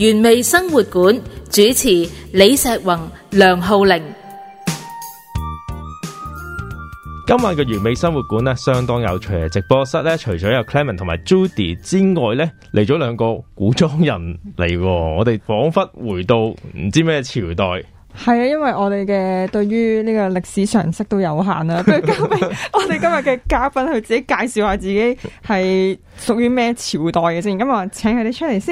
原味生活館主持李石宏、梁浩玲，今晚嘅原味生活館呢相當有趣啊！直播室呢除咗有 Clement 同埋 Judy 之外呢，嚟咗兩個古裝人嚟，我哋仿佛回到唔知咩朝代。係啊，因為我哋嘅對於呢個歷史常識都有限啦。不如 交俾我哋今日嘅嘉賓去自己介紹下自己係屬於咩朝代嘅先。咁我請佢哋出嚟先。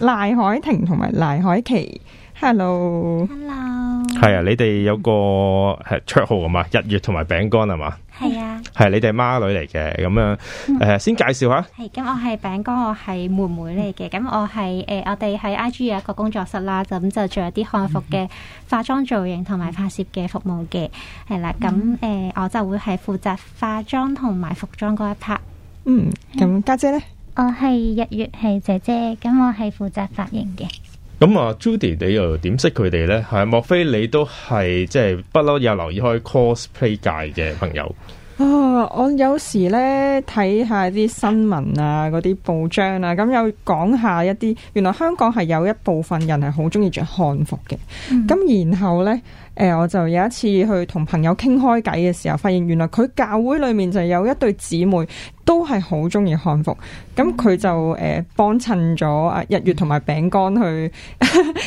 賴愷婷同埋賴愷琪，hello，hello。係啊，你哋有個係綽號啊嘛，日月同埋餅乾啊嘛。係啊，係、啊、你哋孖女嚟嘅咁樣。誒、嗯、嗯、先介紹下。係，咁我係餅乾，我係妹妹嚟嘅。咁、嗯、我係誒、呃，我哋喺 IG 有一個工作室啦，咁就做一啲漢服嘅化妝造型同埋拍攝嘅服務嘅。係啦，咁誒，我就會係負責化妝同埋服裝嗰一 part，嗯，咁家姐咧，我係日月係姐姐，咁我係負責髮型嘅。嗯咁啊，Judy，你又點識佢哋呢？係莫非你都係即係不嬲有留意開 cosplay 界嘅朋友啊？我有時呢，睇下啲新聞啊，嗰啲報章啊，咁有講下一啲原來香港係有一部分人係好中意着漢服嘅。咁、嗯、然後呢，誒、呃、我就有一次去同朋友傾開偈嘅時候，發現原來佢教會裏面就有一對姊妹。都係好中意漢服，咁佢就誒幫襯咗啊日月同埋餅乾去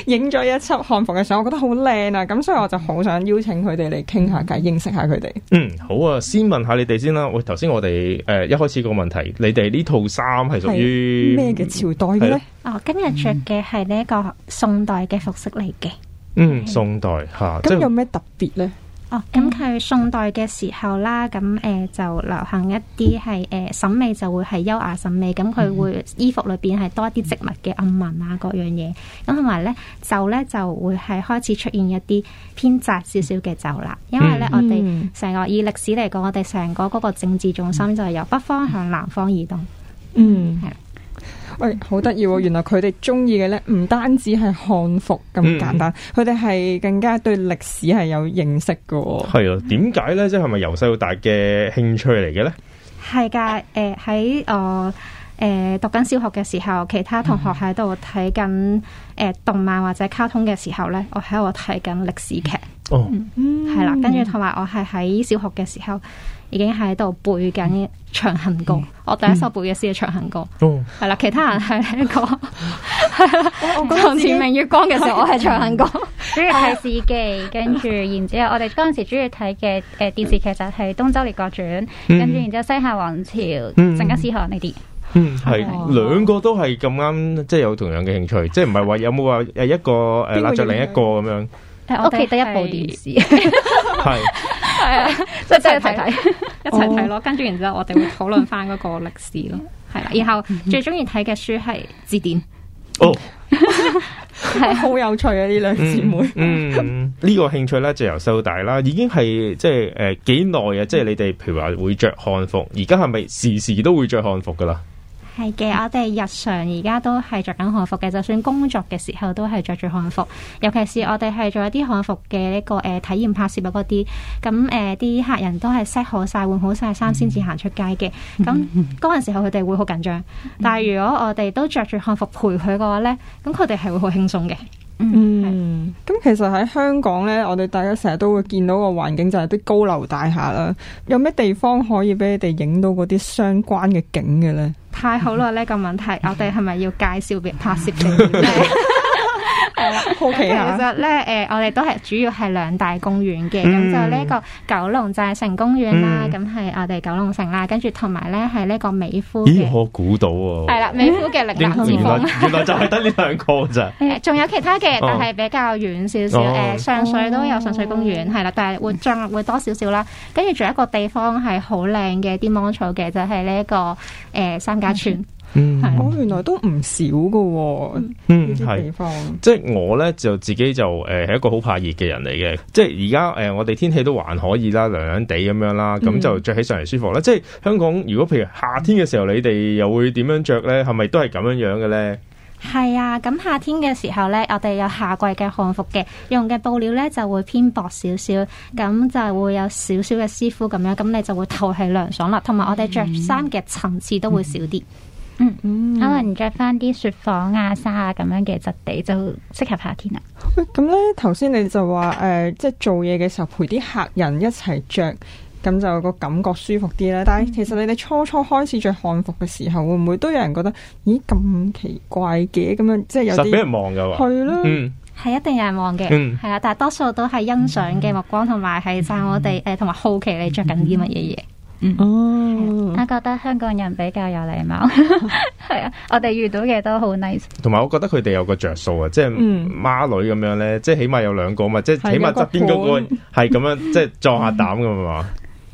影 咗一輯漢服嘅相，我覺得好靚啊！咁所以我就好想邀請佢哋嚟傾下偈，認識下佢哋。嗯，好啊，先問下你哋先啦。喂，頭先我哋誒一開始個問題，你哋呢套衫係屬於咩嘅朝代嘅咧？的哦，今日着嘅係呢一個宋代嘅服飾嚟嘅。嗯，宋代吓，咁、啊、有咩特別咧？哦，咁佢宋代嘅時候啦，咁誒、呃、就流行一啲係誒審美就會係優雅審美，咁佢會衣服裏邊係多啲植物嘅暗紋啊各樣嘢，咁同埋咧就咧就會係開始出現一啲偏窄少少嘅袖啦，因為咧我哋成個以歷史嚟講，我哋成個嗰個政治重心就係由北方向南方移動，嗯，係。喂，好得意喎！原來佢哋中意嘅咧，唔單止係漢服咁簡單，佢哋係更加對歷史係有認識嘅喎、哦。係啊，點解咧？即係咪由細到大嘅興趣嚟嘅咧？係㗎，誒、呃、喺我誒、呃、讀緊小學嘅時候，其他同學喺度睇緊誒動漫或者卡通嘅時候咧，我喺度睇緊歷史劇。哦，係啦、嗯，跟住同埋我係喺小學嘅時候。已經喺度背緊《長恨歌》，我第一首背嘅詩係《長恨歌》，係啦，其他人係呢個《床前明月光》嘅時候，我係《長恨歌》。主要睇史記，跟住然之後，我哋嗰陣時主要睇嘅誒電視劇就係《東周列國傳》，跟住然之後《西夏王朝》，《成吉思汗》呢啲。嗯，係兩個都係咁啱，即係有同樣嘅興趣，即係唔係話有冇話誒一個誒拉着另一個咁樣。係屋企得一部電視。係。係啊，即係一齊睇， 一齊睇咯。哦、跟住，然之後，我哋會討論翻嗰個歷史咯。係啦， 然後最中意睇嘅書係字典。哦，係好有趣啊！呢 兩姊妹 嗯，嗯，呢、呢個興趣咧就由細到大啦，已經係即係誒幾耐啊？即係、呃、你哋，譬如話會着漢服，而家係咪時時都會着漢服噶啦？係嘅，我哋日常而家都係着緊漢服嘅，就算工作嘅時候都係着住漢服，尤其是我哋係做一啲漢服嘅呢、這個誒、呃、體驗拍攝啊嗰啲，咁誒啲客人都係 set 好晒、換好晒衫先至行出街嘅，咁嗰陣時候佢哋會好緊張，但係如果我哋都着住漢服陪佢嘅話呢，咁佢哋係會好輕鬆嘅。嗯，咁是、嗯、其實喺香港呢，我哋大家成日都會見到個環境就係啲高樓大廈啦。有咩地方可以俾你哋影到嗰啲相關嘅景嘅呢？太好啦！呢、呢個問題， 我哋係咪要介紹別拍攝地點係啦，好 其實咧，誒、呃，我哋都係主要係兩大公園嘅，咁、嗯、就呢一個九龍寨城公園啦，咁係、嗯、我哋九龍城啦，跟住同埋咧係呢個美孚。咦，我估到喎、啊。係啦，美孚嘅荔枝角公園。原來就係得呢兩個咋？誒，仲有其他嘅，但係比較遠少少。誒、哦呃，上水都有上水公園，係、哦、啦，但係會進會多少少啦。跟住仲有一個地方係好靚嘅，啲芒草嘅就係呢一個誒、呃、三家村。嗯嗯，我原來都唔少噶。嗯，係，即係、就是、我咧就自己就誒係、呃、一個好怕熱嘅人嚟嘅。即係而家誒我哋天氣都還可以啦，涼涼地咁樣啦，咁就着起上嚟舒服啦。嗯、即係香港，如果譬如夏天嘅時候，嗯、你哋又會點樣着咧？係咪都係咁樣樣嘅咧？係啊，咁、嗯、夏天嘅時候咧，我哋有夏季嘅漢服嘅，用嘅布料咧就會偏薄少少，咁、嗯嗯、就會有少少嘅絲膚咁樣，咁你就會透氣涼爽啦。同埋我哋着衫嘅層次都會少啲。嗯，嗯可能着翻啲雪紡啊、紗啊咁樣嘅質地就適合夏天啦。咁咧、嗯，頭先你就話誒、呃，即係做嘢嘅時候陪啲客人一齊着，咁就有個感覺舒服啲啦。嗯、但係其實你哋初初開始着漢服嘅時候，會唔會都有人覺得，咦，咁奇怪嘅咁樣，即係有啲俾人望噶？係咯，嗯，係一定有人望嘅，嗯，係啊，但係多數都係欣賞嘅目光，同埋係讚我哋誒，同埋、嗯、好奇你着緊啲乜嘢嘢。嗯嗯，哦、我覺得香港人比較有禮貌，係 啊，我哋遇到嘅都好 nice。同埋我覺得佢哋有個着數啊，即係孖女咁樣咧，即係起碼有兩個嘛，嗯、即係是起碼側邊嗰個係咁、嗯、樣，即係撞下膽咁啊嘛。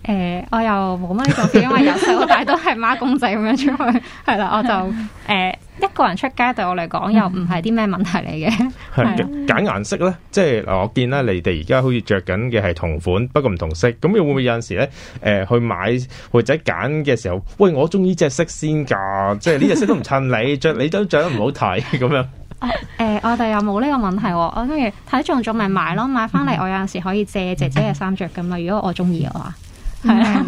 誒、嗯呃，我又冇乜講，因為由細到大都係孖公仔咁樣出去，係啦、 啊，我就誒。呃一個人出街對我嚟講又唔係啲咩問題嚟嘅，係揀顏色咧，即係我見咧你哋而家好似着緊嘅係同款，不過唔同色，咁你會唔會有陣時咧？誒、呃，去買或者揀嘅時候，喂，我中意隻色先噶，即係呢隻色都唔襯你着， 你都着得唔好睇咁樣。誒、啊欸，我哋又冇呢個問題，我中意睇中咗咪買咯，買翻嚟我有陣時可以借姐姐嘅衫着噶嘛，如果我中意嘅話。係啊，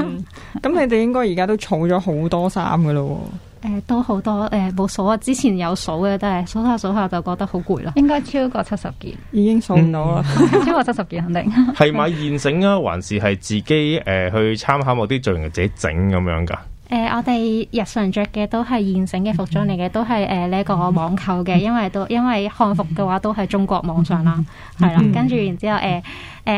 咁你哋應該而家都儲咗好多衫噶咯。誒、呃，都好多誒，冇數啊！之前有數嘅，都係數下數下就覺得好攰啦。應該超過七十件，嗯、已經數唔到啦。 超過七十件肯定。係買現成啊，還是係自己誒、呃、去參考某啲造型自己整咁樣噶？誒、呃，我哋日常着嘅都係現成嘅服裝嚟嘅，都係誒呢個網購嘅，因為都因為漢服嘅話都係中國網上啦，係、嗯、啦。跟住然之後誒誒，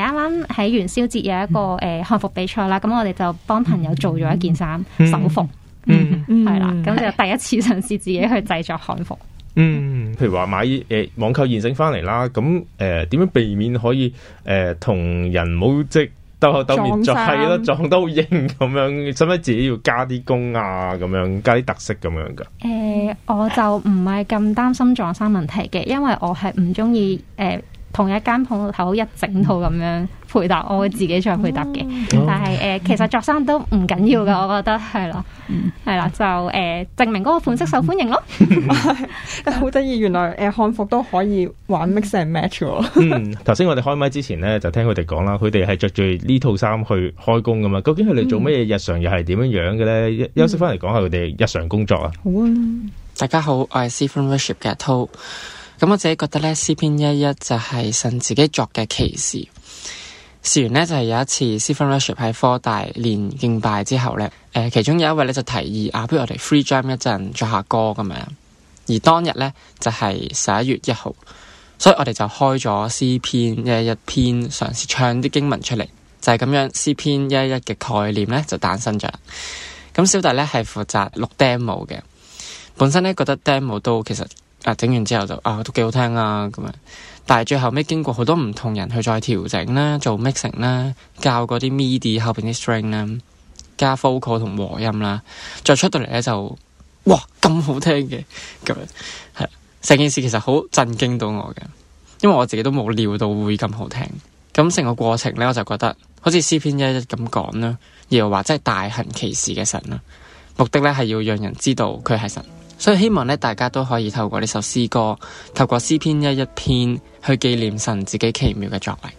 啱啱喺元宵節有一個誒漢、呃、服比賽啦，咁我哋就幫朋友做咗一件衫手縫服。嗯嗯，嗯，係啦了，咁、嗯、就第一次嘗試自己去製作漢服。嗯，譬如話買誒、欸、網購現成翻嚟啦，咁誒點樣避免可以誒同、呃、人冇即斗口斗面撞係身咯，撞得好應咁樣，使唔使自己要加啲工啊？咁樣加啲特色咁樣噶？誒、欸，我就唔係咁擔心撞衫問題嘅，因為我係唔中意誒。欸同一間鋪頭一整套咁樣配搭，我會自己再配搭嘅。但係誒、呃，其實着衫、嗯、都唔緊要嘅，我覺得係咯，係啦、嗯、啦，就誒、呃、證明嗰個款式受歡迎咯。好得意， 原來誒漢、呃、服都可以玩 mix and match 喎。頭先我哋開麥之前咧，就聽佢哋講啦，佢哋係着住呢套衫去開工噶嘛。究竟佢哋做乜嘢、嗯、日常又係點樣樣嘅咧？休息翻嚟講下佢哋日常工作啊。好啊，大家好，我係 Seafront Worship 嘅滔。咁我自己覺得呢，詩篇一一就係神自己作嘅奇事。試完呢，就係、是、有一次、c，詩分 relationship 喺科大練敬拜之後呢、呃，其中有一位呢就提議啊，不如我哋 free jam 一陣，作下歌咁樣。而當日呢，就係十一月一號，所以我哋就開咗詩篇一一篇，嘗試唱啲經文出嚟，就係、是、咁樣。詩篇一一嘅概念呢就誕生咗。咁小弟呢係負責錄 demo 嘅，本身呢覺得 demo 都其實。啊，整完之後，就啊都幾好聽啊咁樣，但係最後尾經過好多唔同人去再調整啦，做 mixing 啦，教嗰啲 midi 後邊啲 string 啦，加 vocal 同和，和音啦，再出到嚟咧就哇咁好聽嘅咁樣，係成件事其實好震驚到我嘅，因為我自己都冇料到會咁好聽，咁成個過程咧我就覺得好似詩篇一一咁講啦，而話即係大行其事嘅神啦，目的咧係要讓人知道佢係神。所以希望咧，大家都可以透過呢首詩歌，透過詩篇一一篇，去紀念神自己奇妙嘅作為。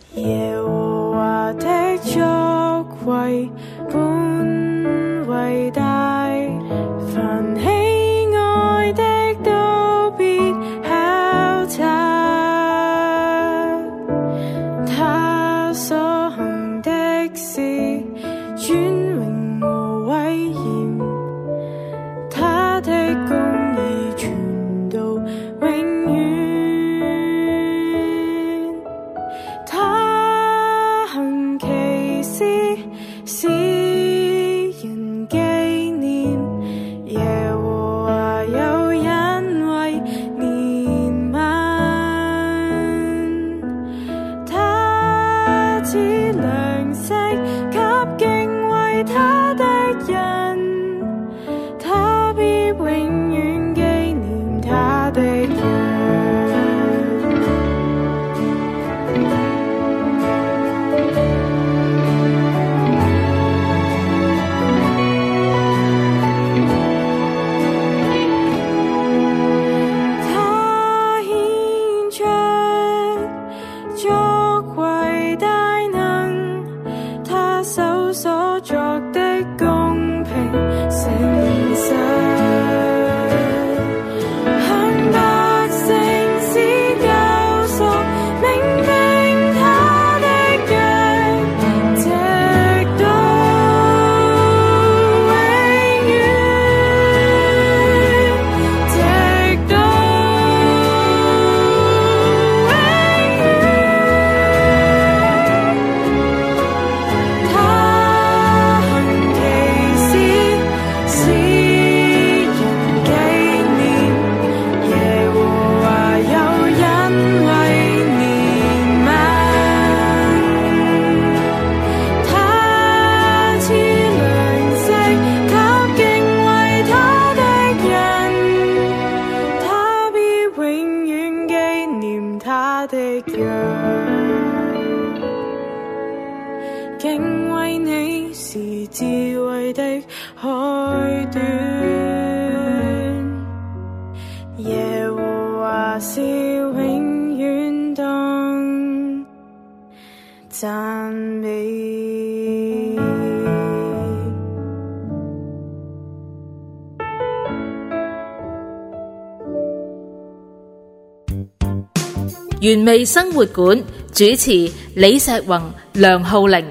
原味生活館主持李石宏、梁浩玲，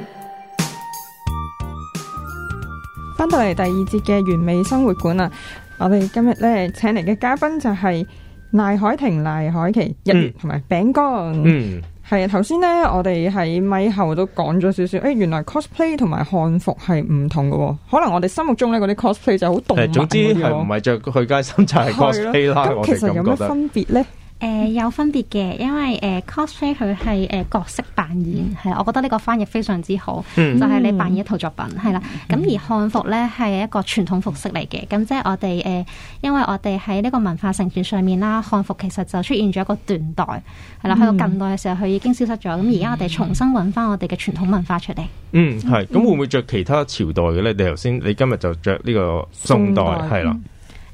翻到嚟第二節嘅原味生活館啊！我哋今日咧請嚟嘅嘉賓就係賴愷婷、賴愷琪、日月同埋餅乾。嗯，係啊，頭先咧，我哋喺咪後都講咗少少，誒，原來 cosplay 同埋漢服係唔同嘅，可能我哋心目中咧嗰啲 cosplay 就好動漫啲。總之係唔係着去街衫就係 cosplay 啦。咁其實有咩分別咧？誒、呃、有分別嘅，因為誒、呃、cosplay 佢係誒、呃、角色扮演，係、嗯，我覺得呢個翻譯非常之好，嗯、就係你扮演一套作品，係啦。咁、嗯嗯、而漢服咧係一個傳統服飾嚟嘅，咁、嗯、即係我哋誒、呃，因為我哋喺呢個文化承傳上面啦，漢服其實就出現咗一個斷代，係啦，去到、嗯、近代嘅時候佢已經消失咗，咁而家我哋重新揾翻我哋嘅傳統文化出嚟。嗯，係，咁會唔會着其他朝代嘅咧？你頭先你今日就着呢個宋代，係啦。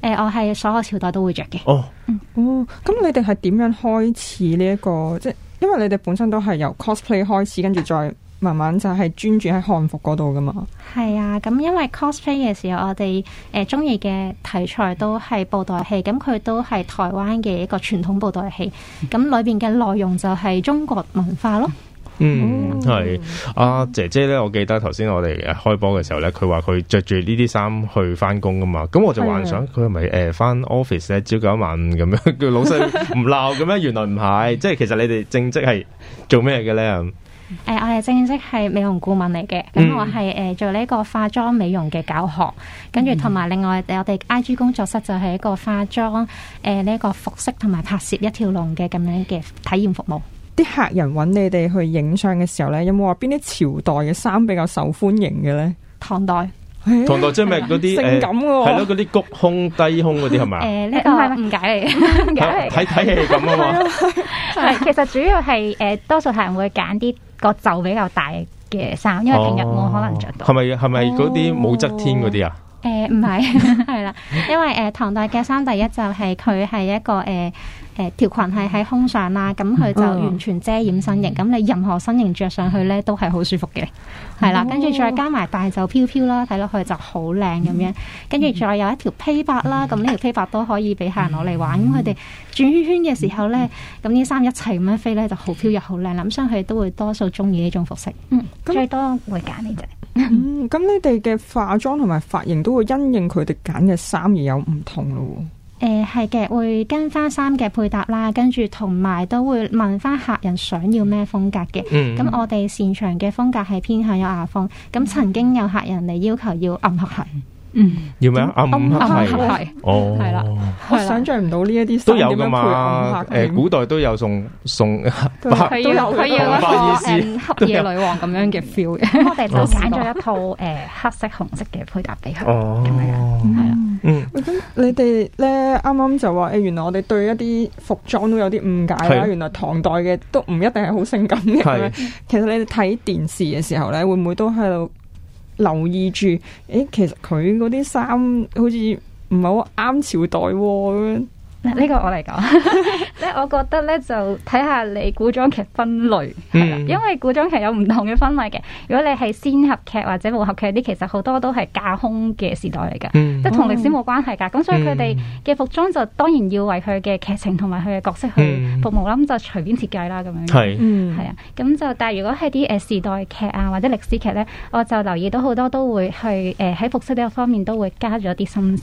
誒、呃，我係所有朝代都會着嘅。Oh. 嗯、哦，哦，咁你哋係點樣開始呢、這、一個？即係，因為你哋本身都係由 cosplay 開始，跟住再慢慢就係專注喺漢服嗰度噶嘛。係啊，咁因為 cosplay 嘅時候，我哋誒中意嘅題材都係布袋戲，咁佢都係台灣嘅一個傳統布袋戲，咁裏邊嘅內容就係中國文化咯。嗯，係阿、啊、姐姐咧，我記得頭先我哋開波嘅時候咧，佢話佢着住呢啲衫去翻工噶嘛，咁我就幻想佢係咪誒翻 office 咧朝九晚五咁樣，叫老細唔鬧咁樣， 原來唔係，即係其實你哋正職係做咩嘅咧？誒、呃，我哋正職係美容顧問嚟嘅，咁我係誒、呃、做呢個化妝美容嘅教學，跟住同埋另外我哋 I G 工作室就係一個化妝誒呢個服飾同埋拍攝一條龍嘅咁樣嘅體驗服務。啲客人揾你哋去影相嘅時候咧，有冇話邊啲朝代嘅衫比較受歡迎嘅咧？唐代，欸、唐代即係咪嗰啲性感嘅、啊？係咯、欸，嗰啲、啊、谷胸低胸嗰啲係咪？誒呢、欸這個唔係啦，嗯、係係誤解嚟嘅，誤解嚟。 睇睇戲咁啊嘛 其實主要係誒、呃、多數客人會揀啲個袖比較大嘅衫，因為平日冇可能着到。係咪係咪嗰啲武則天嗰啲啊？誒唔係，係、呃、啦， 因為誒、呃、唐代嘅衫第一就係佢係一個誒。呃誒條裙係喺胸上啦，咁佢就完全遮掩身形。咁你任何身形着上去呢，都係好舒服嘅。係啦，跟住再加埋大袖飄飄啦，睇落去就好靚咁樣。跟住再有一條披帛啦，咁呢條披帛都可以俾客人攞嚟玩。咁佢哋轉圈圈嘅時候呢，咁呢衫一齊咁樣飛呢，就好飄又好靚。諗上去都會多數中意呢種服飾，最多會揀呢隻。嗯，咁你哋嘅化妝同埋髮型都會因應佢哋揀嘅衫而有唔同咯。誒係嘅，會跟翻衫嘅配搭啦，跟住同埋都會問翻客人想要咩風格嘅。咁、嗯嗯嗯、我哋擅長嘅風格係偏向有亞風，咁曾經有客人嚟要求要暗黑。嗯，要咩啊？暗黑系，哦，係啦，我想象唔到呢一啲都有噶嘛？誒，古代都有送送，都有，都有，黑夜女王咁樣嘅 feel 嘅，我哋都揀咗一套誒黑色紅色嘅配搭俾佢，咁係啊，嗯。你哋咧啱啱就話誒，原來我哋對一啲服裝都有啲誤解啦，原來唐代嘅都唔一定係好性感嘅。其實你哋睇電視嘅時候咧，會唔會都喺度？留意住，誒、欸，其實佢嗰啲衫好似唔係好啱朝代喎、啊、咁。呢個我嚟講，咧我覺得咧就睇下你古裝劇分類，係啦，因為古裝劇有唔同嘅分類嘅。如果你係仙俠劇或者武俠劇啲，其實好多都係架空嘅時代嚟嘅，嗯、即係同歷史冇關係㗎。咁、嗯、所以佢哋嘅服裝就當然要為佢嘅劇情同埋佢嘅角色去、嗯、服務啦。咁是、嗯、就隨便設計啦，咁樣係，啊。咁就但係如果係啲誒時代劇啊或者歷史劇咧，我就留意到好多都會去誒喺、呃、服飾呢個方面都會加咗啲心思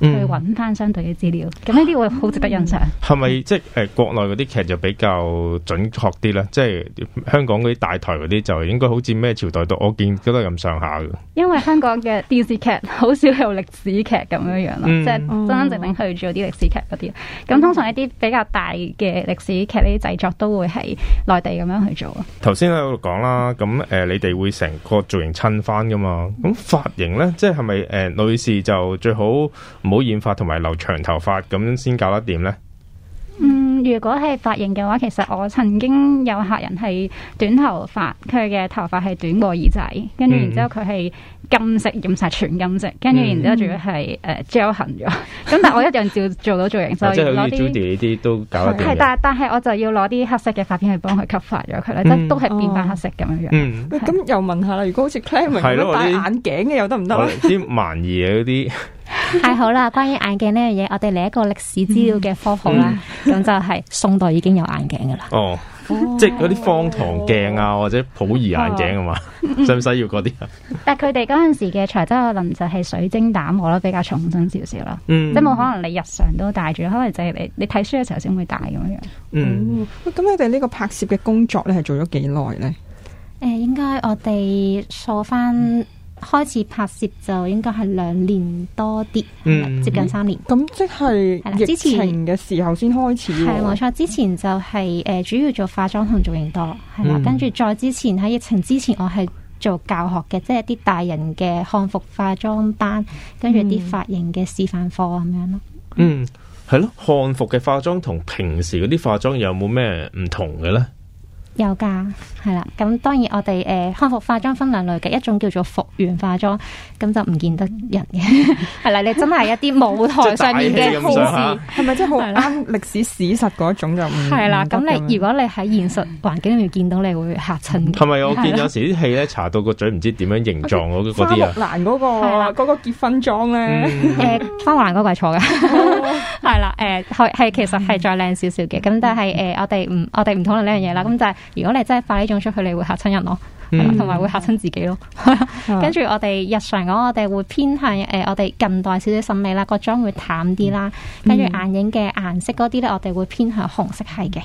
去揾翻相對嘅資料。咁呢啲會。好值得欣賞。係咪即係誒國內嗰啲劇就比較準確啲咧？即係香港嗰啲大台嗰啲就應該好似咩朝代都。我見都係咁上下嘅。因為香港嘅電視劇好少有歷史劇咁樣樣咯， 嗯、即係真真正正去做啲歷史劇嗰啲。咁通常一啲比較大嘅歷史劇呢啲製作都會係內地咁樣去做。頭先喺度講啦，咁誒、呃、你哋會成個造型襯翻㗎嘛？咁髮型咧，即係係咪誒女士就最好唔好染髮同埋留長頭髮咁先搞得掂咧？嗯，如果係髮型嘅話，其實我曾經有客人係短頭髮，佢嘅頭髮係短過耳仔，跟住然之後佢係金色，染晒全金色，跟住然之後仲要係誒 gel 痕咗。咁、嗯嗯嗯、但係我一樣照做到造型， 所以呢啲 都搞係是、嗯，但但係我就要攞啲黑色嘅髮片去幫佢吸髮咗佢，嗯、即係都係變翻黑色咁樣樣。咁又問下啦，如果好似 claiming 戴眼鏡嘅又得唔得？啲萬二嗰啲。 太 好啦，關於眼鏡呢樣嘢，我哋嚟一個歷史資料嘅科普啦。咁、嗯嗯、就係宋代已經有眼鏡噶啦。哦，即係嗰啲方糖鏡啊，哦、或者普儀眼鏡啊嘛，使唔使要嗰啲啊？但係佢哋嗰陣時嘅材質可能就係水晶膽，我覺得比較重身少少啦。嗯、即你冇可能你日常都戴住，可能就係你你睇書嘅時候先會戴咁樣。嗯，咁、嗯、你哋呢個拍攝嘅工作咧係做咗幾耐咧？誒、呃，應該我哋數翻。嗯開始拍攝就應該係兩年多啲，嗯、接近三年。咁即係疫情嘅時候先開始。係冇錯，之前就係誒主要做化妝同造型多，係嘛。嗯、跟住再之前喺疫情之前，我係做教學嘅，即係啲大人嘅漢服化妝班，跟住啲髮型嘅示範課咁樣咯。嗯，係咯，漢服嘅化妝同平時嗰啲化妝有冇咩唔同嘅呢？有噶。係啦，咁當然我哋誒漢服化妝分兩類嘅，一種叫做復原化妝，咁就唔見得人嘅。係啦，你真係一啲舞台上面嘅故事，係咪真係好啱歷史史實嗰種就唔係啦。咁你如果你喺現實環境裏面見到，你會嚇親嘅。係咪我見有時啲戲咧搽到個嘴唔知點樣形狀嗰嗰啲啊？花木蘭嗰個，嗰個結婚妝咧，誒花木蘭嗰個係錯嘅，係啦，誒係其實係再靚少少嘅，咁但係誒我哋唔我哋唔討論呢樣嘢啦。咁就係如果你真係化呢種。出去你會吓親人咯，同埋、嗯、會吓親自己咯。 嗯、跟住我哋日常講，我哋會偏向誒、呃，我哋近代少少審美啦，個妝會淡啲啦。嗯、跟住眼影嘅顏色嗰啲咧，我哋會偏向紅色系嘅，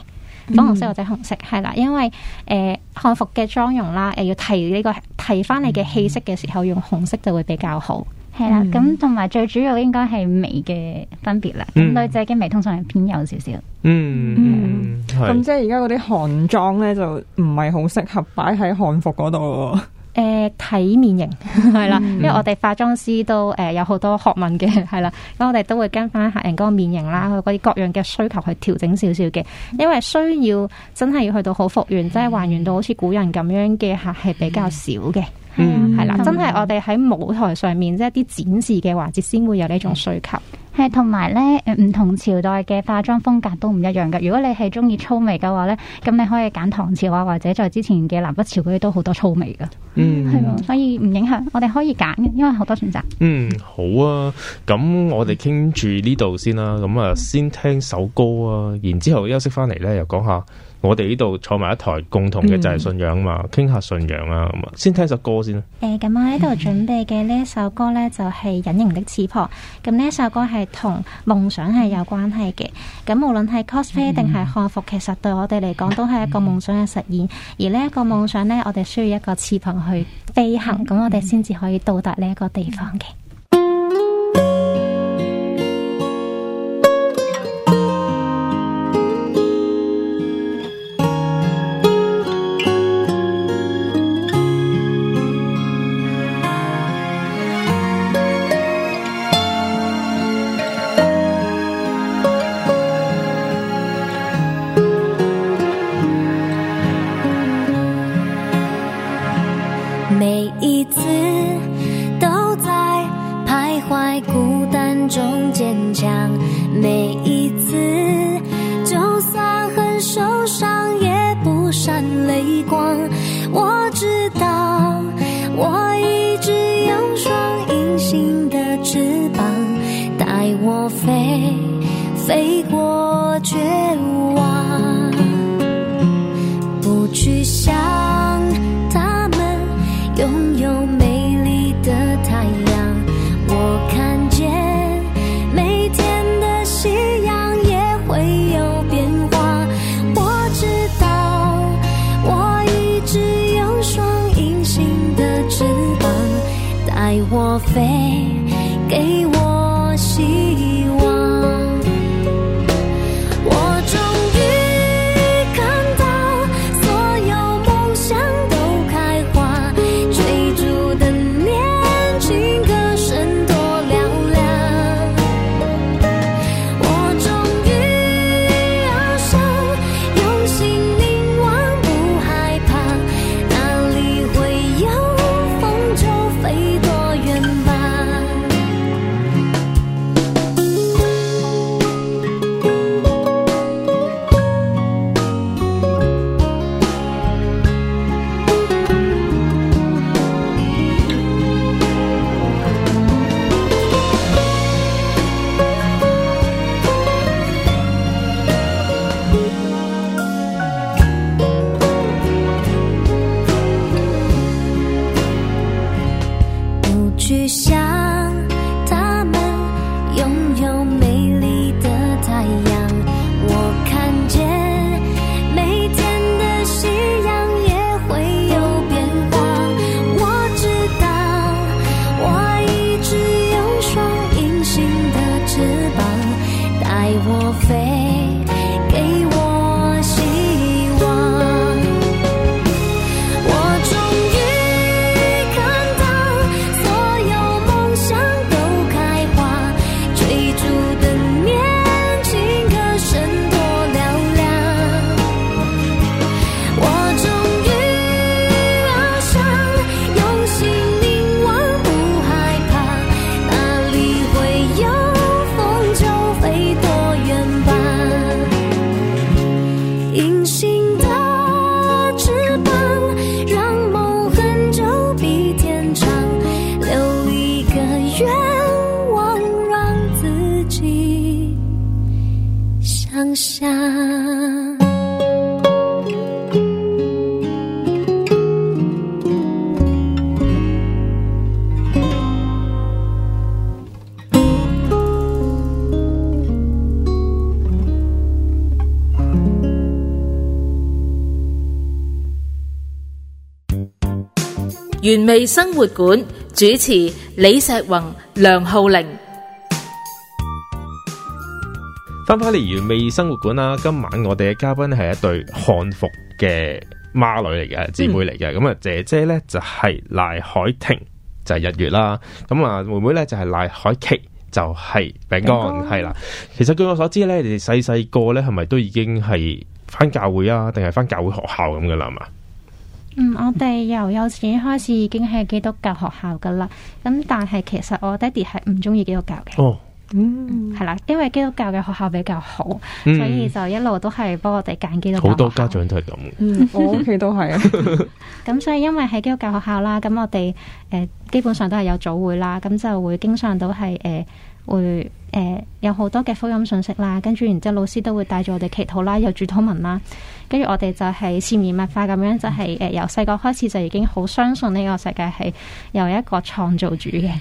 粉、嗯、紅色或者紅色系、嗯、啦。因為誒漢、呃、服嘅妝容啦，誒、呃、要提呢、這個提翻你嘅氣色嘅時候，用紅色就會比較好。係啦，咁同埋最主要應該係眉嘅分別啦。嗯、女仔嘅眉通常係偏幼少少。嗯，咁、嗯嗯、是即係而家嗰啲韓妝咧，就唔係好適合擺喺漢服嗰度喎。誒、呃，睇面型係 啦，嗯、因為我哋化妝師都誒有好多學問嘅，係啦，咁我哋都會跟翻客人嗰個面型啦，佢嗰啲各樣嘅需求去調整少少嘅。因為需要真係要去到好復原，嗯、即係還原到好似古人咁樣嘅客係比較少嘅。嗯嗯，係啦的，嗯、真係我哋喺舞台上面即係一啲展示嘅環節，先會有呢種需求。係，同埋咧，誒，唔同朝代嘅化妝風格都唔一樣噶。如果你係中意粗眉嘅話咧，咁你可以揀唐朝啊，或者在之前嘅南北朝嗰啲都好多粗眉噶。嗯，係啊，所以唔影響，我哋可以揀，因為好多選擇。嗯，好啊，咁我哋傾住呢度先啦。咁啊，先聽首歌啊，然之後休息翻嚟咧，又講下。我哋呢度坐埋一台共同嘅就係信仰嘛，傾下信仰啊。咁啊，先聽首歌先啦。誒、嗯、咁、嗯、我喺度準備嘅呢一首歌呢，就係、是、隱形的翅膀。咁呢一首歌係同夢想係有關係嘅。咁無論係 cosplay 定係漢服，其實對我哋嚟講都係一個夢想嘅實現。而呢一個夢想呢，我哋需要一個翅膀去飛行，咁我哋先至可以到達呢一個地方嘅。帶我飛，飛過絕望，不去想。原味生活館主持李石宏、梁浩玲，翻返嚟原味生活館啦。今晚我哋嘅嘉賓咧係一對漢服嘅孖女嚟嘅姊妹嚟嘅。咁啊，姐、嗯、姐咧就係賴愷婷，就係、是就是、日月啦。咁啊，妹妹咧就係賴愷琪，就係餅乾係啦。其實據我所知咧，你哋細細個咧係咪都已經係翻教會啊，定係翻教會學校咁嘅啦嘛？嗯，我哋由幼稚園開始已經係基督教學校噶啦，咁但係其實我爹哋係唔中意基督教嘅。哦、oh. 嗯，嗯，係啦，因為基督教嘅學校比較好，嗯、所以就一路都係幫我哋揀基督教。好多家長都係咁、嗯，我屋企都係啊。咁、 嗯、所以因為喺基督教學校啦，咁我哋誒、呃、基本上都係有早會啦，咁就會經常都係誒、呃、會誒、呃呃、有好多嘅福音信息啦，跟住然之後老師都會帶住我哋祈禱啦，有主禱文啦。跟住我哋就係潛移默化咁樣，就係、是、誒、呃、由細個開始就已經好相信呢個世界係由一個創造主嘅。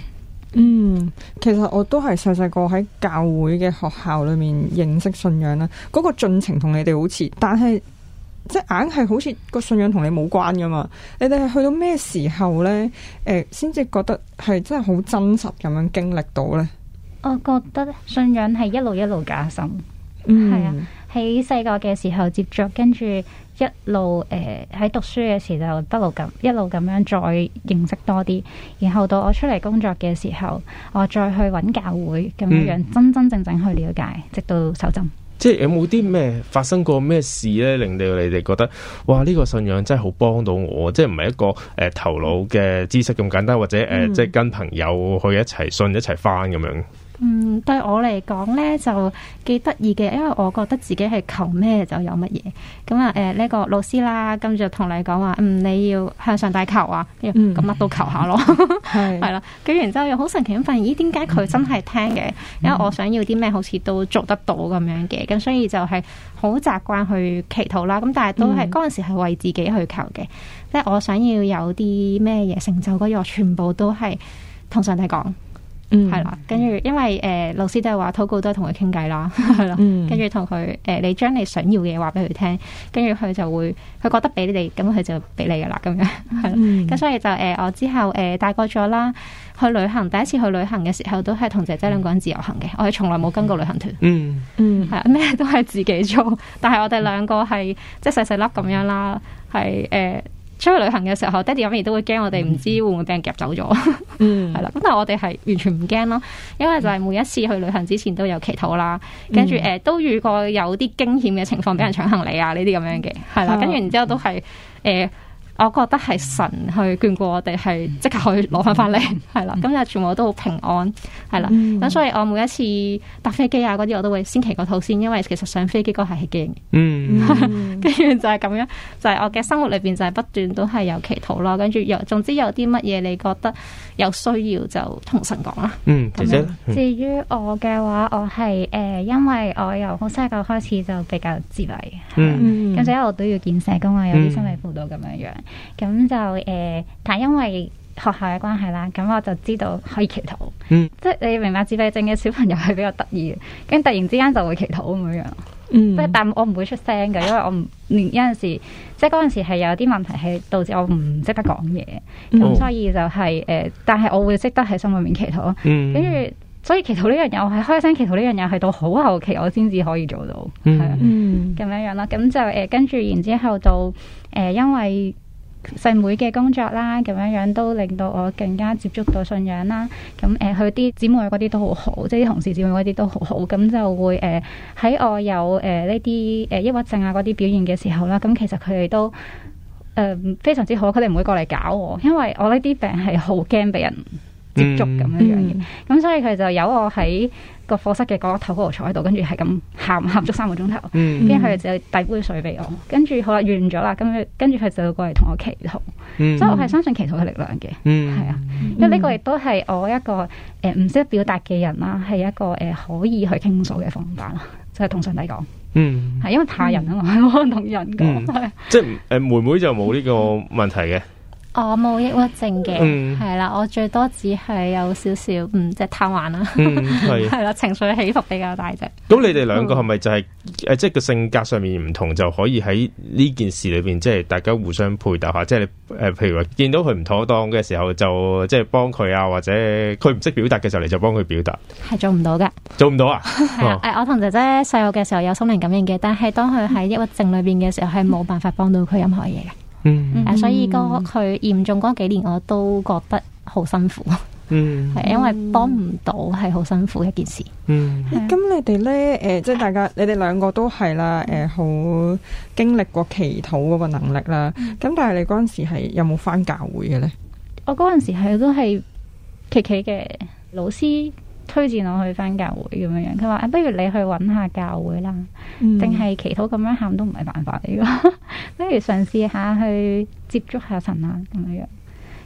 嗯，其實我都係細細個喺教會嘅學校裏面認識信仰啦，嗰、那個進程同你哋好似，但係即係硬係好似個信仰同你冇關噶嘛？你哋係去到咩時候呢？誒、呃，先至覺得係真係好真實咁樣經歷到呢？我覺得信仰係一路一路加深，係、嗯、啊。喺細個嘅時候接觸，跟住一路誒喺讀書嘅時候就一路咁一路咁樣再認識多啲，然後到我出嚟工作嘅時候，我再去揾教會咁樣真真正正去了解，直到受浸。嗯、 即係有冇啲咩發生過咩事呢，令到你哋覺得哇呢、這個信仰真係好幫到我，即係唔係一個誒、呃、頭腦嘅知識咁簡單，或者誒、呃嗯、即係跟朋友去一齊信一齊返咁樣。嗯，對我嚟講咧就幾得意嘅，因為我覺得自己係求咩就有乜嘢。咁啊，誒、呃、呢、這個老師啦，跟住就同你講話，嗯，你要向上帝求啊，咁乜、嗯、都求下咯，係係是 啦。然之後又好神奇咁，發現咦，點解佢真係聽嘅？因為我想要啲咩，好似都做得到咁樣嘅。咁、嗯、所以就係好習慣去祈禱啦。咁但係都係嗰陣時係為自己去求嘅，即係我想要有啲咩嘢成就嗰樣，全部都係同上帝講。係啦、 嗯，跟住因為誒老、呃、師都係話禱告都係同佢傾偈啦，係咯，嗯、跟住同佢誒你將你想要嘅嘢，話俾佢聽，跟住佢就會佢覺得俾你，咁佢就俾你噶啦，咁樣係，咁所以就誒我之後誒大個咗啦，去旅行第一次去旅行嘅時候都係同姐姐兩個人自由行嘅，我係從來冇跟過旅行團，嗯嗯，係、嗯、咩、嗯、都係自己做，但係我哋兩個係即係細細粒咁樣啦，係誒。呃出去旅行嘅時候，爹哋媽咪都會驚我哋唔知會唔會俾人夾走咗，係 啦。咁但係我哋係完全唔驚咯，因為就係每一次去旅行之前都有祈禱啦，跟住誒都遇過有啲驚險嘅情況，俾人搶行李啊呢啲咁樣嘅，係啦，跟住然之後都係誒。呃我覺得係神去眷顧我哋，係即刻去攞翻返嚟，係啦。今日全部都好平安，係啦。咁、嗯、所以我每一次搭飛機啊嗰啲，我都會先祈個禱先，因為其實上飛機個係係驚。嗯，跟住就係咁樣，就係、是、我嘅生活裏邊，就係不斷都係有祈禱囉。跟住又總之有啲乜嘢，你覺得？有需要就同神講啦。嗯，咁樣。那至於我嘅話，我係誒、呃，因為我由好細個開始就比較自閉，嗯，咁就一路都要見社工啊，有啲心理輔導咁樣樣。咁、嗯、就誒、呃，但因為學校嘅關係啦，咁我就知道可以祈禱。嗯，即係你明白自閉症嘅小朋友係比較得意，跟住突然之間就會祈禱咁樣樣。嗯，但我唔會出聲嘅，因為我唔有陣時即係嗰陣時係有啲問題係導致我唔識得講嘢，咁、嗯、所以就係、是、誒、呃，但係我會識得喺心裏面祈禱，跟住、嗯、所以祈禱呢樣嘢我係開聲祈禱呢樣嘢，係到好後期我先至可以做到，係啊，咁樣樣啦，咁就誒跟住然之後就誒、呃、因為。細妹嘅工作啦，咁樣樣都令到我更加接觸到信仰啦。咁誒，佢啲姊妹嗰啲都好好，即係啲同事姊妹嗰啲都好好。咁就會誒喺、呃、我有誒呢啲誒抑鬱症啊嗰啲表現嘅時候啦，咁其實佢哋都誒、呃、非常之好，佢哋唔會過嚟搞我，因為我呢啲病係好驚俾人接觸咁、嗯、樣樣嘅。咁所以佢就有我喺.個課室嘅角落頭嗰度坐喺度，跟住係咁喊，喊足三個鐘頭，跟住佢就遞杯水俾我，跟住好啦完咗啦，咁跟住佢就過嚟同我祈禱，嗯、所以我係相信祈禱嘅力量嘅，係啊，因為呢個亦都係我一個誒唔識表達嘅人啦，係一個誒可以去傾訴嘅方法咯，即係同上帝講，嗯，係因為怕人啊嘛，可能同人講，即係誒、呃、妹，妹妹就冇呢個問題嘅。我冇抑鬱症嘅，係啦、嗯，我最多只係有少少，嗯，即係貪玩啦，係啦、嗯， 情緒起伏比較大啫。咁你哋兩個係咪就係、是、誒，即係個性格上面唔同，就可以喺呢件事裏邊，即、就、係、是、大家互相配搭下，即係你誒，譬如話見到佢唔妥當嘅時候就，就即係幫佢啊，或者佢唔識表達嘅時候你就幫佢表達，係做唔到嘅，做唔到啊？係啊，誒，我同姐姐細個嘅時候有心靈感應嘅，但係當佢喺抑鬱症裏邊嘅時候，係冇、嗯、辦法幫到佢任何嘢嘅。嗯，誒、mm，hmm. 所以嗰，佢嚴重嗰幾年，我都覺得好辛苦。嗯、 mm，係、hmm. 因為幫唔到係好辛苦一件事。嗯，咁你哋咧，誒、呃，即係大家，你哋兩個都係啦，誒、呃，好經歷過祈禱嗰個能力啦。咁、mm hmm. 嗯、但係你嗰陣時係有冇返教會嘅咧？我嗰陣時係都係琪琪嘅老師。推薦我去翻教會咁樣樣，佢話不如你去揾下教會啦，淨係、嗯、祈禱咁樣喊都唔係辦法嚟㗎， 不如嘗試下去接觸下神啊咁樣。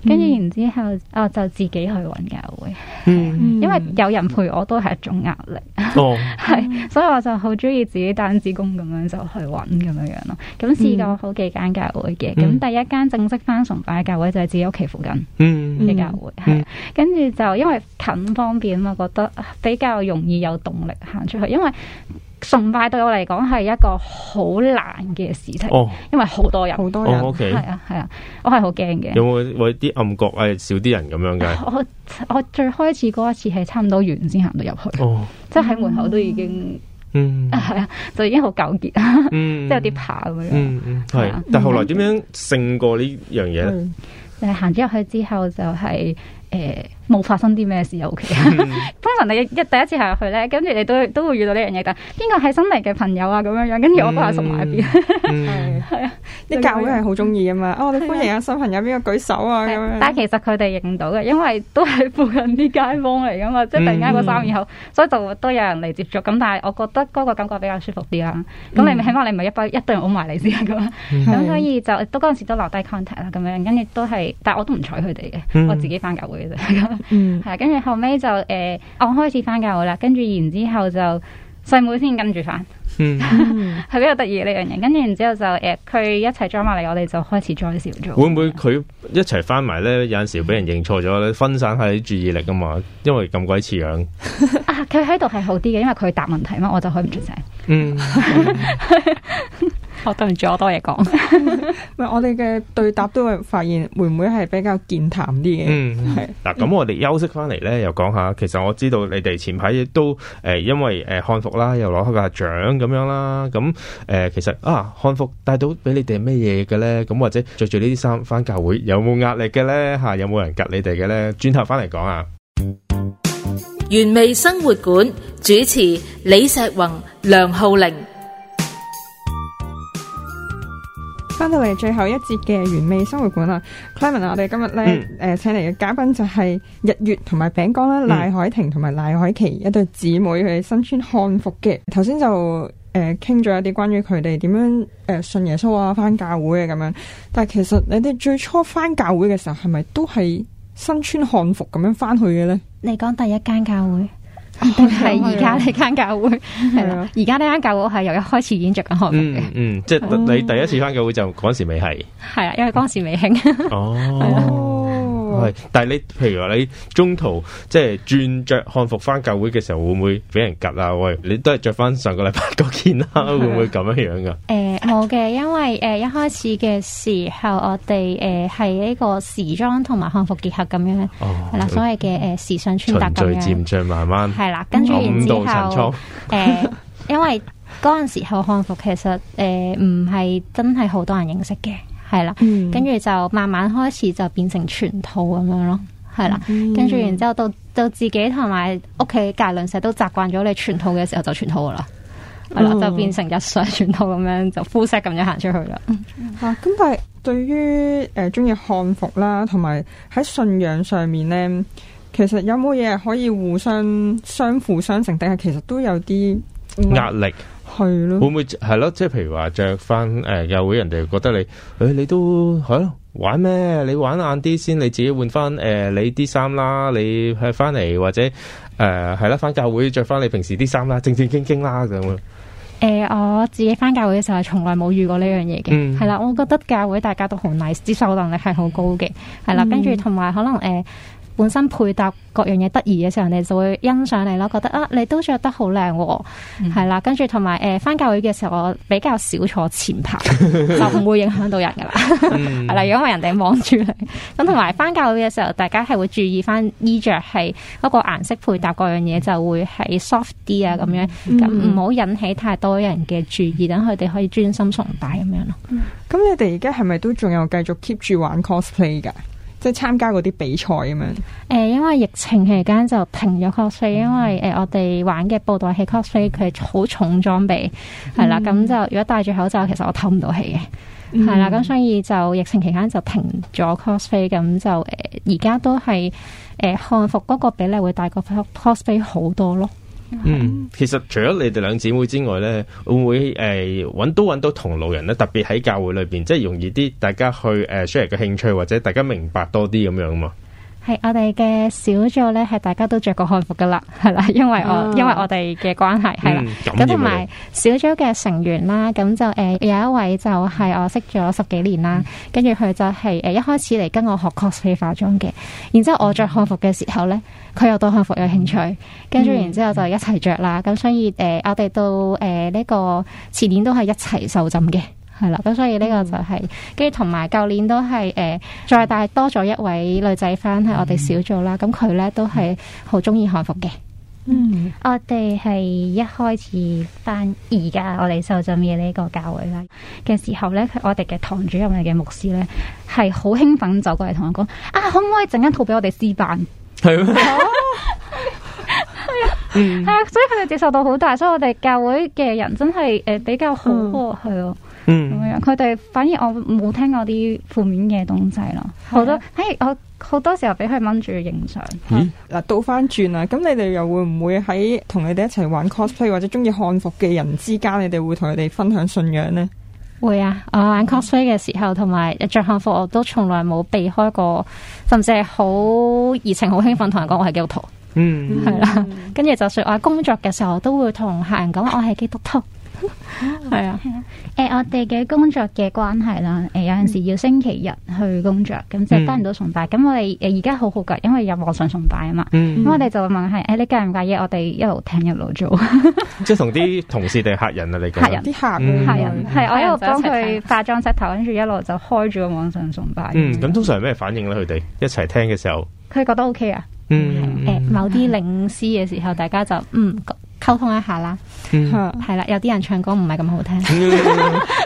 跟住、嗯、然之後，啊就自己去揾教會，嗯、因為有人陪我都係一種壓力，係、哦， 所以我就好鍾意自己單子工咁樣就去揾咁樣樣咯。咁試過好幾間教會嘅，咁、嗯、第一間正式返崇拜教會就係自己屋企附近嘅教會，係、跟住、嗯嗯、就因為近方便啊嘛，覺得比較容易有動力行出去，因為。崇拜對我嚟講係一個好難嘅事情，哦、因為好多人，好多人，係、okay。啊係啊，我係好驚嘅。有冇會啲暗角啊，少啲人咁樣嘅？我我最開始嗰一次係差唔多完先行到入去，哦、即係喺門口都已經，嗯係、嗯、啊，啊，就已經好糾結， 即都有啲怕咁樣。嗯嗯，啊、但係後來點樣勝過呢樣嘢咧？就係行咗入去之後就係、是。誒冇發生啲咩事啊！通常你一第一次入去咧，跟住你都都會遇到呢樣嘢嘅。邊個係新嚟嘅朋友啊？咁樣樣，跟住我幫下手埋邊。係啊，啲教會係好中意啊嘛！啊，我哋歡迎啊新朋友，邊個舉手啊咁樣。但係其實佢哋認到嘅，因為都係附近啲街坊嚟噶嘛，即係突然間個生意好，所以就都有人嚟接觸。咁但係我覺得嗰個感覺比較舒服啲啦。咁你起碼你唔係一班一堆人擁埋嚟先咁，咁所以就都嗰陣時都留低 contact 啦，咁樣跟住都係。但係我都唔睬佢哋嘅，我自己翻教會。咁，係跟住後尾就誒、啊，我開始翻教會啦，跟住然之後就細妹先跟住翻，嗯，係 比較得意呢樣嘢。跟住然之後就誒，佢、啊、一齊 join 埋嚟，我哋就開始再少做。會唔會佢一齊翻埋咧？有陣時俾人認錯咗咧，分散下啲注意力噶嘛？因為咁鬼似樣 啊！佢喺度係好啲嘅，因為佢答問題嘛，我就開唔出聲。嗯。 我對唔住，我好多嘢講，唔係我哋嘅對答都會發現，會唔會係比較健談啲嘅？嗯，係嗱，咁我哋休息翻嚟咧，又講下。其實我知道你哋前排亦都誒，因為誒漢服啦，又攞開個獎咁樣啦，咁誒，其實啊，漢服帶到俾你哋咩嘢嘅咧？咁或者着住呢啲衫翻教會有冇壓力嘅咧？吓，有冇人夾你哋嘅咧？轉頭翻嚟講啊！原味生活館主持李石宏、梁浩玲。翻到嚟最後一節嘅原味生活館啊，Clayman 啊，Clement, 我哋今日咧誒請嚟嘅嘉賓就係日月同埋餅乾啦，賴、嗯、愷婷同埋賴愷琪一對姊妹，佢哋身穿漢服嘅。頭先就誒傾咗一啲關於佢哋點樣誒、呃、信耶穌啊，翻教會啊咁樣。但係其實你哋最初翻教會嘅時候，係咪都係身穿漢服咁樣翻去嘅咧？你講第一間教會。定係而家呢間教會係咯，而家呢間教會係由一開始已經着緊漢服嘅。嗯，即係你第一次返教會就嗰時未係？係啊，因為當時未興。哦，係啊。係，但係你譬如話你中途即係轉着漢服翻教會嘅時候，會唔會俾人夾啊？喂，你都係着翻上個禮拜嗰件啦、啊，嗯、會唔會咁樣樣、啊、噶？誒、呃，冇嘅，因為誒、呃、一開始嘅時候，我哋誒係呢個時裝同埋漢服結合咁樣，係、哦、啦，所謂嘅誒時尚穿搭咁樣。循序漸進，慢慢係啦、嗯，跟、嗯、住、嗯、然之後，誒、嗯嗯，因為嗰陣時候漢服其實誒唔係真係好多人認識嘅。係啦，跟住、嗯、就慢慢開始就變成全套咁樣咯，係啦，跟住、嗯、然之後到到自己同埋屋企隔鄰成日都習慣咗你全套嘅時候就全套噶啦，係啦，嗯、就變成日常全套咁樣就膚色咁樣行出去啦。咁、嗯啊、但係對於誒中意漢服啦，同埋喺信仰上面咧，其實有冇嘢可以互相相輔相成，定係其實都有啲壓、嗯、力？係咯，會唔會係咯？即係譬如話着翻誒教會，人哋覺得你誒、哎、你都係咯玩咩？你玩晏啲先，你自己換翻誒你啲衫啦，你係翻嚟或者誒係啦翻教會着翻你平時啲衫啦，正正經經，經啦咁樣！誒、呃，我自己翻教會嘅時候從來冇遇過呢樣嘢嘅，係啦、嗯，我覺得教會大家都好 nice，接受能力係好高嘅，係啦，跟住同埋可能誒。呃本身配搭各樣嘢得意嘅時候，人哋就會欣賞你咯，覺得啊，你都着得好靚，係啦、嗯。跟住同埋誒，翻教會嘅時候，我比較少坐前排， 就唔會影響到人噶啦。例如因為人哋望住你，咁同埋翻教會嘅時候，大家係會注意翻衣着係嗰個顏色配搭，各樣嘢就會係 soft 啲啊，咁、嗯嗯、樣咁唔好引起太多人嘅注意，等佢哋可以專心崇拜咁樣咯。咁、嗯嗯、你哋而家係咪都仲有繼續 keep 住玩 cosplay 噶？即係參加嗰啲比賽咁樣。誒、呃，因為疫情期間就停咗 cosplay，因為誒、嗯呃、我哋玩嘅布袋戲 cosplay 佢係好重裝備，係啦，咁、嗯、就如果戴住口罩，其實我透唔到氣嘅，係啦、嗯，咁所以就疫情期間就停咗 cosplay，咁就誒而家都係誒漢服嗰個比例會大過 cosplay 好多咯。嗯，其實除咗你哋兩姊妹之外咧，會唔會誒揾、呃、都揾到同路人咧？特別喺教會裏邊，即係容易啲，大家去誒 share 個興趣，或者大家明白多啲咁樣啊嘛。係我哋嘅小組咧，係大家都着過漢服噶啦，係啦，因為我、oh. 因為我哋嘅關係係啦，咁同埋小組嘅成員啦，咁就誒、呃、有一位就係我識咗十幾年啦，跟住佢就係、是、誒、呃、一開始嚟跟我學 cosplay 化妝嘅，然之後我着漢服嘅時候咧，佢又對漢服有興趣，跟住然之後、嗯、後就一齊着啦，咁所以誒、呃、我哋到誒呢、呃這個前年都係一齊受浸嘅。係啦，咁所以呢個就係跟住同埋，舊年都係誒再帶多咗一位女仔翻去我哋小組啦。咁佢咧都係好中意漢服嘅。嗯，我哋係一開始翻而家我哋受浸嘅呢個教會咧嘅時候咧，我哋嘅堂主任嘅牧師咧係好興奮，走過嚟，同我講：啊，可唔可以整一套俾我哋私扮？係咩？係啊，所以佢哋接受到好大，所以我哋教會嘅人真係誒比較好喎，係啊。嗯，咁樣佢哋反而我冇聽過啲負面嘅東西咯，好多，反、哎、我好多時候俾佢掹住影相。嗱倒翻轉啊，咁、嗯、你哋又會唔會喺同你哋一齊玩 cosplay 或者中意漢服嘅人之間，你哋會同佢哋分享信仰呢？會啊，我玩 cosplay 嘅時候，同埋着漢服，我都從來冇避開過，甚至係好熱情、好興奮，同人講我係基督徒。嗯，係啦，跟住就算我喺工作嘅時候，都會同客人講我係基督徒。係啊，啊，啊，係啊，誒，我哋嘅工作嘅關係啦，誒、呃，有陣時要星期日去工作，咁就跟唔到崇拜，咁我哋誒而家好好噶，因為有網上崇拜啊嘛，咁我哋就會問係，誒、啊，你介唔介意我哋一路聽一路做，即係同啲同事定係客人啊你嘅？客人啲客，客人係。我一路幫佢化妝洗頭，跟住一路就開住個網上崇拜。咁通常咩反應咧？佢哋一齊聽嘅時候，佢覺得 OK 啊？誒、yeah. 嗯，某啲領師嘅時候，大家就嗯溝通一下啦，係啦、嗯，有啲人唱歌唔係咁好聽，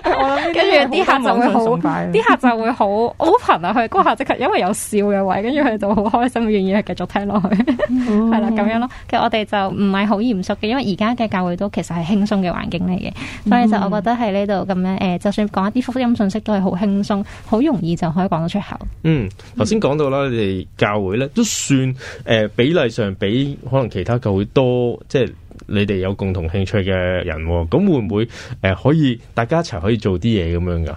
我諗，跟住啲客就會好，啲 客就會好 open 啊，佢下即刻因為有笑嘅位，跟住佢就好開心，願意去繼續聽落去，係啦咁樣咯。其實我哋就唔係好嚴肅嘅，因為而家嘅教會都其實係輕鬆嘅環境嚟嘅，嗯、所以就我覺得喺呢度咁樣誒、呃，就算講一啲福音信息都係好輕鬆，好容易就可以講到出口。嗯，頭先講到啦，你哋教會咧都算誒、呃、比例上比可能其他教會多，即係。你哋有共同興趣嘅人，哦，咁會唔會誒、呃、可以大家一齊可以做啲嘢咁樣㗎？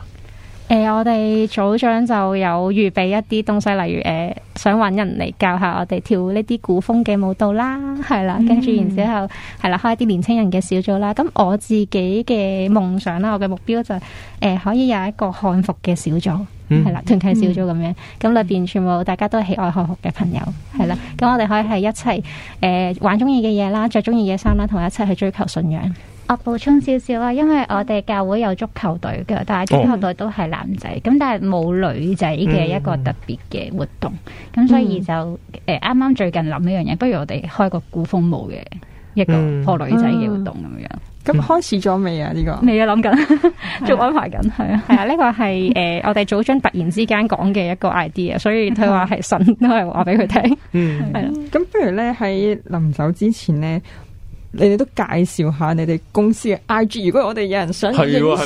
誒、呃，我哋組長就有預備一啲東西，例如誒、呃，想搵人嚟教下我哋跳呢啲古風嘅舞蹈啦，係啦，跟住、嗯、然之後係啦，開一啲年輕人嘅小組啦。咁我自己嘅夢想啦，我嘅目標就誒、是呃，可以有一個漢服嘅小組，係、嗯、啦，團契小組咁樣。咁、嗯、裏邊全部大家都係喜愛漢服嘅朋友，係啦。咁、嗯嗯、我哋可以係一齊誒、呃、玩中意嘅嘢啦，着中意嘅衫啦，同我一齊去追求信仰。我補充少少啊，因為我哋教會有足球隊嘅，但係足球隊都係男仔，咁但係冇女仔嘅一個特別嘅活動，咁、嗯、所以就誒，啱啱最近諗呢樣嘢，不如我哋開個古風舞嘅一個破女仔嘅活動咁、嗯嗯、樣，咁、嗯、開始咗未啊？呢個未啊，諗、呃、緊，仲安排緊，係啊，係啊，呢個係誒我哋組長突然之間講嘅一個 idea，所以佢話係神都係話俾佢聽， 的嗯，係啦。咁不如咧喺臨走之前咧。你哋都介紹下你哋公司嘅 IG，如果我哋有人想影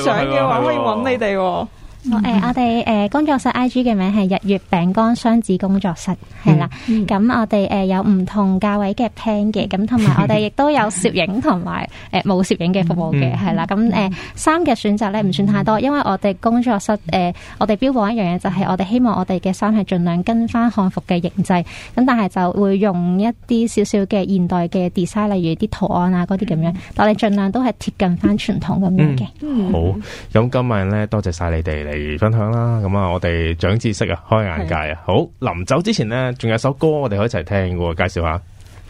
相嘅話，啊啊啊啊、可以揾你哋。嗯、 我誒、呃，我哋誒工作室 I G 嘅名係日月餅乾雙子工作室，係啦。咁、嗯、我哋誒、呃、有唔同價位嘅 plan 嘅，咁同埋我哋亦都有攝影同埋誒冇攝影嘅服務嘅，係啦。咁誒衫嘅選擇咧唔算太多，因為我哋工作室誒、呃、我哋標榜一樣嘢就係我哋希望我哋嘅衫係盡量跟翻漢服嘅形制，咁但係就會用一啲少少嘅現代嘅 design，例如啲圖案啊嗰啲咁樣，但我哋盡量都係貼近翻傳統咁樣嘅、嗯嗯。好，咁今日咧多謝晒你哋分享啦，咁啊，我哋長知識啊，開眼界啊。是的 好，臨走之前呢，仲有首歌我哋可以一齊聽嘅，介紹下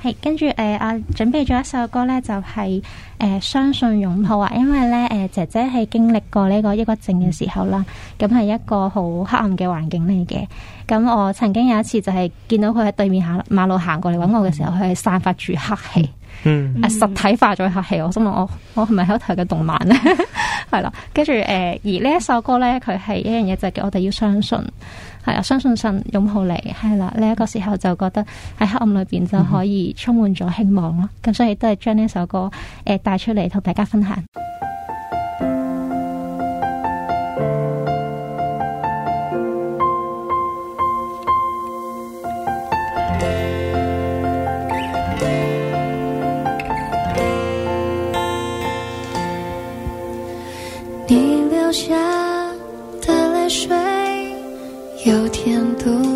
係跟住誒，阿、呃、準備咗一首歌呢，就係、是、誒，相、呃、信擁抱啊。因為呢，誒、呃，姐姐係經歷過呢個抑鬱症嘅時候啦，咁係、嗯、一個好黑暗嘅環境嚟嘅。咁我曾經有一次就係見到佢喺對面行馬路行過嚟揾我嘅時候，佢係、嗯、散發住黑氣。嗯，實體化再客氣，我心諗我，我係咪喺度睇緊動漫咧？係 啦，跟住誒，而呢一首歌咧，佢係一樣嘢就係叫我哋要相信，係啊，相信信擁抱你，係啦，呢一、那個時候就覺得喺黑暗裏邊就可以充滿咗希望咯。咁、嗯、哼所以都係將呢首歌誒帶、呃、出嚟同大家分享。沿途。